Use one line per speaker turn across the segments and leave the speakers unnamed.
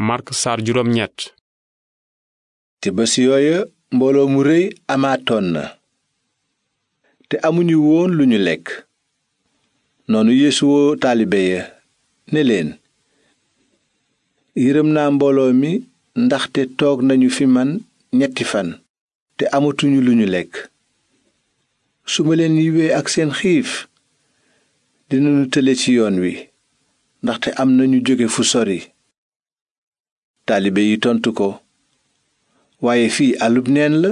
Mark saar juróom ñett yooya mbooloo mu rëy amaatoon na te amuñu woon lu ñu lekk noonu Yeesu woo taalibe ya ne leen yërëm naa mbooloo mi ndaxte toog nañu fi man ñetti fan te amatuñu lu ñu lekk su ma leen yiwee ak seen xiif dinañu tële ci yoon wi ndaxte am nañu jóge fu sori taalibe yi tontu ko waaye fii àllub neen la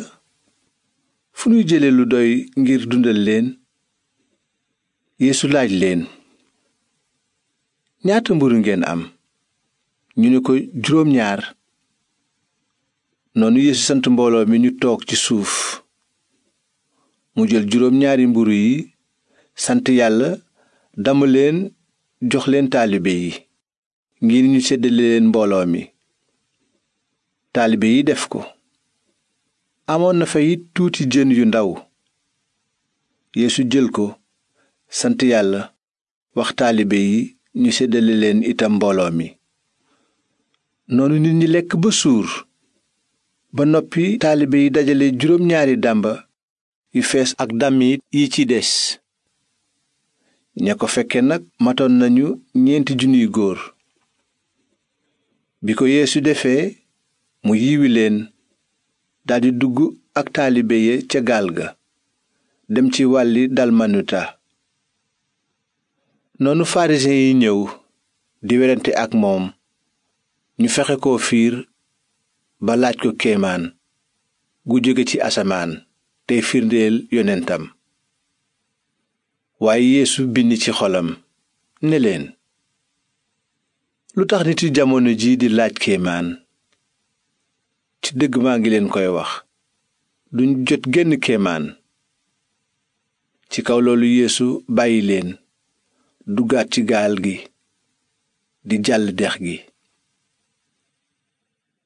fu ñuy jële lu doy ngir dundal leen yeesu laaj leen ñaata mburu ngeen am ñu ni ko juróom ñaar noonu yeesu sant mbooloo mi ñu toog ci suuf mu jël juróom ñaari mburu yi sant yàlla damu leen jox leen taalibe yi ngir ñu seddale leen mbooloo mi taalibe yi def ko amoon na fa it tuuti jën yu ndaw yeesu jël ko sant yàlla wax taalibe yi ñu séddale leen itam mbooloo mi noonu nit ñi lekk ba suur ba noppi taalibe yi dajale juróom ñaari dàmba yu fees ak dàmmit yi ci des ña ko fekke nag matoon nañu ñeenti junniy góor bi ko yeesu defee mu yiwi leen daldi dugg ak taalibe ye ca gaal ga dem ci wàlli dalmanuta noonu farisiyen yi ñëw di werante ak moom ñu fexe ko fiir ba laaj ko kéemaan gu jóge ci asamaan tey firndeel yonentam waaye yeesu bind ci xolam ne leen lu tax niti jamono ji di laaj kéemaan ci dëgg maa ngi leen koy wax duñ jot genn kemaan ci kaw loolu yéesu bàyyi leen duggaat ci gaal gi di jàll dex gi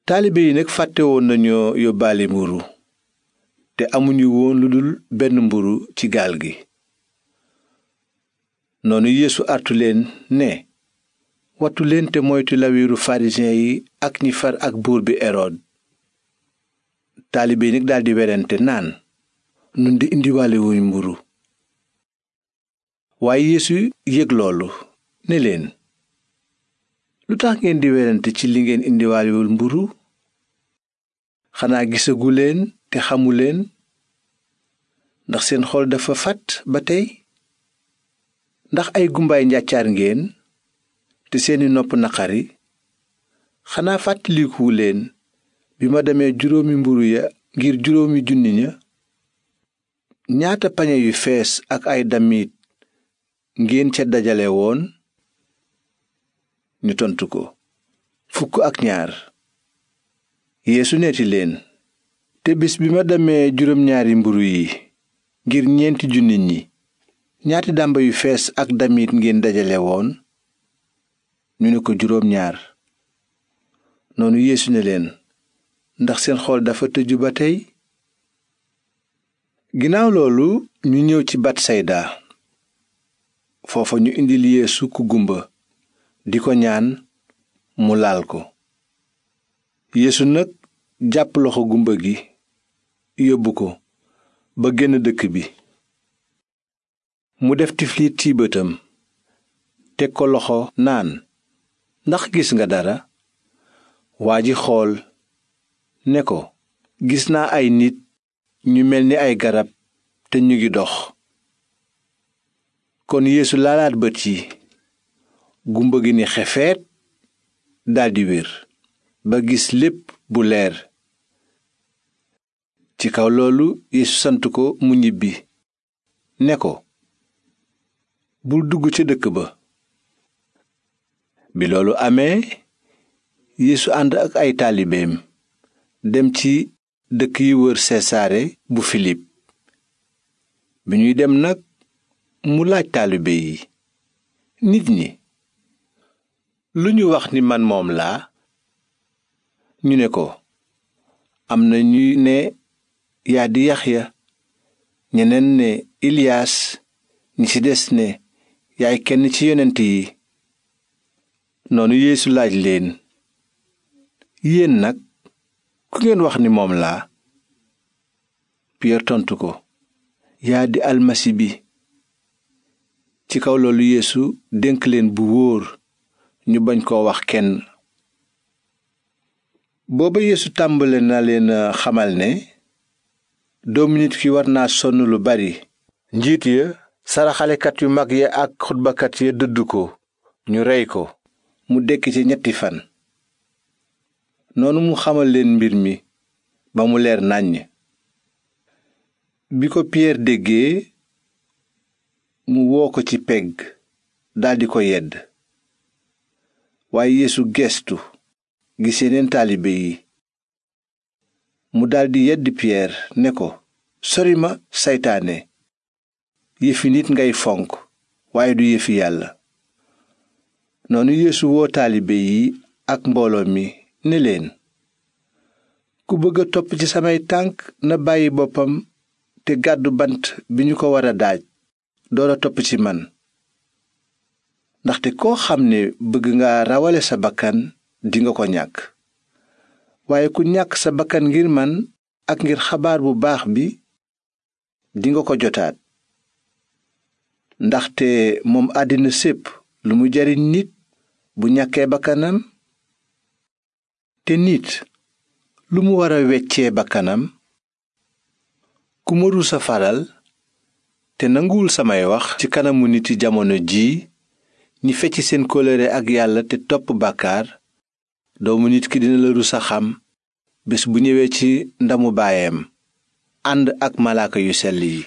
taalibe yi nag fàttewoon woon nañoo yóbbaale mburu te amuñu woon lu dul benn mburu ci gaal gi noonu yeesu artu leen ne wattu leen te moytu lawiru pharisien yi ak ñi far ak buur bi erod taalibe yi nag daldi werante naan nun di mburu waaye yeesu yëg loolu ne leen lu tax ngeen di werante ci li ngeen indiwaalewul mburu xanaa gisagu leen te xamu leen ndax seen xool dafa fat ba tey ndax ay gumbaay njàccaar ngeen te seeni nopp naqari xanaa fàttalikuwu leen bi ma demee juróomi mburu ya ngir juróomi junni ña ñaata pañe yu fees ak ay damit ngeen ca dajale woon ñu tontu ko fukk ak ñaar yeesu neeti leen te bis bi ma demee juróom ñaari mburu yi ngir ñeenti junni ñi ñaati dàmba yu fees ak damit ngeen dajale woon ñu ne ko juróom ñaar noonu yeesu ne leen ndax seen xol dafa tëju ba tey ginnaaw loolu ñu ñëw ci batsayda foofa ñu indil yeesu ku gumba di ko ñaan mu laal ko yéesu nag jàpp loxo gumba gi yóbbu ko ba génn dëkk bi mu def tiflit ci bëtam teg ko loxo naan ndax gis nga dara waa ji xool ne ko gis naa ay nit ñu mel ni ay garab te ñu ngi dox kon yeesu laalaat bët yi gumba gi ni xefet daldi wér ba gis lépp bu leer ci kaw loolu yeesu sant ko mu ñibbi ne ko bul dugg ca dëkk ba bi loolu amee yéesu ànd ak ay taalibeem dem ci dëkk yi wër sesaare bu filip bi ñuy dem nag mu laaj taalibe yi nit ñi lu ñu wax ni man moom la ñu ne ko am na ñuy ne yaa di yaxya ñeneen ne iliyaas ñi ci des ne yaay kenn ci yonent yi noonu yéesu laaj leen yéen nag ku ngeen wax ni moom laa piyeer tontu ko yaa di almasi bi ci kaw loolu yeesu dénk leen bu wóor ñu bañ koo wax kenn booba yéesu tàmbale na leen xamal ne doomu nit fi war naa sonn lu bari njiit ya saraxalekat yu mag ya ak xutbakat ya dëdd ko ñu rey ko mu dekk ci ñetti fan noonu mu xamal leen mbir mi ba mu leer nàññ bi ko piyeer déggee mu woo ko ci pegg daldi ko yedd waaye yeesu gestu gis yeneen taalibe yi mu daldi yedd piyeer ne ko sori ma saytaane yëfi nit ngay fonk waaye du yëfi yàlla noonu yeesu woo taalibe yi ak mbooloo mi ne leen ku bëgg a topp ci samay tànk na bàyyi boppam te gàddu bant bi ñu ko war a daaj doora topp ci man ndaxte koo xam ne bëgg nga rawale sa bakkan dinga ko ñàkk waaye ku ñàkk sa bakkan ngir man ak ngir xabaar bu baax bi dinga ko jotaat ndaxte moom àddina sépp lu mu jariñ nit bu ñàkkee bakkanam te nit lu mu wara weccee bakkanam ku ma rusa faral te nanguwul samay wax ci kanamu niti jamono jii ñi fecc seen kóllëre ak yàlla te topp bàkkaar doomu nit ki dina la rusa xam bés bu ñëwee ci ndamu baayam ànd ak malaaka yu sell yi